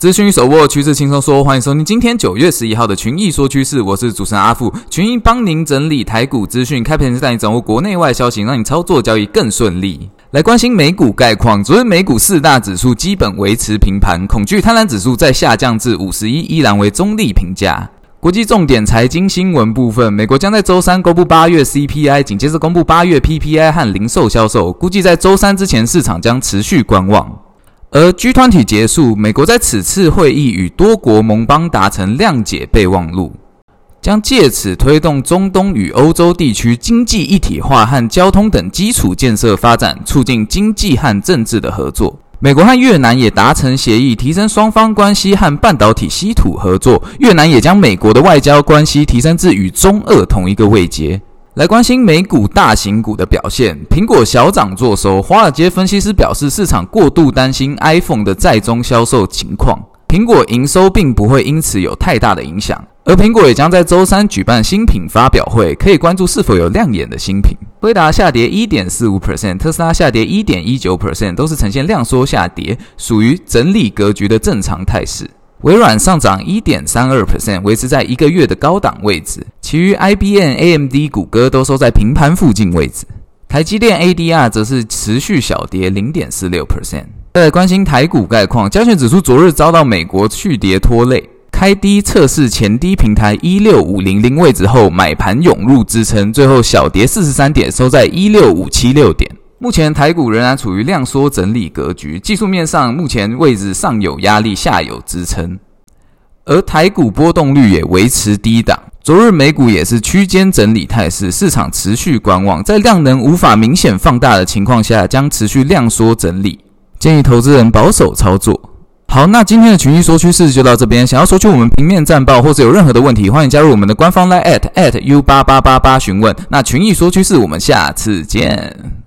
資訊一手握，趨勢輕鬆說，歡迎收聽今天九月十一號的群益說趨勢，我是主持人阿富。群益幫您整理台股資訊，開盤時帶你掌握國內外消息，讓你操作交易更順利。來關心美股概況，昨日美股四大指數基本維持平盤，恐懼貪婪指數在下降至五十一，依然為中立評價。國際重點財經新聞部分，美國將在週三公布八月 CPI，緊接着公布八月 PPI 和零售銷售，估計在週三之前市場將持續觀望。而 G20 結束，美國在此次會議與多國盟邦達成諒解備忘錄，將借此推動中東與歐洲地區經濟一體化和交通等基礎建設發展，促進經濟和政治的合作。美國和越南也達成協議，提升雙方關係和半導體稀土合作。越南也將美國的外交關係提升至與中、俄同一個位階。來關心美股大型股的表現，蘋果小漲作收。華爾街分析師表示，市場過度擔心 iPhone 的在中銷售情況，蘋果營收並不會因此有太大的影響。而蘋果也將在周三舉辦新品發表會，可以關注是否有亮眼的新品。輝達下跌一點四五%，特斯拉下跌一點一九%，都是呈現量縮下跌，屬於整理格局的正常態勢。微軟上漲一點三二 percent，維持在一個月的高檔位置。其餘 IBM、AMD、谷歌，都收在平盤附近位置。台積電 ADR 則是持續小跌零點四六 percent。再來關心台股概況。加權指數昨日遭到美國續跌拖累，開低測試前低平台一六五零零位置後，買盤湧入支撐，最後小跌四十三點，收在一六五七六點。目前台股仍然處於量縮整理格局，技術面上目前位置上有壓力，下有支撐，而台股波動率也維持低檔。昨日美股也是區間整理態勢，市場持續觀望，在量能無法明顯放大的情況下，將持續量縮整理。建議投資人保守操作。好，那今天的群益說趨勢就到這邊。想要索取我們平面戰報，或是有任何的問題，歡迎加入我們的官方 LINE at at u 八八八八詢問。那群益說趨勢，我們下次見。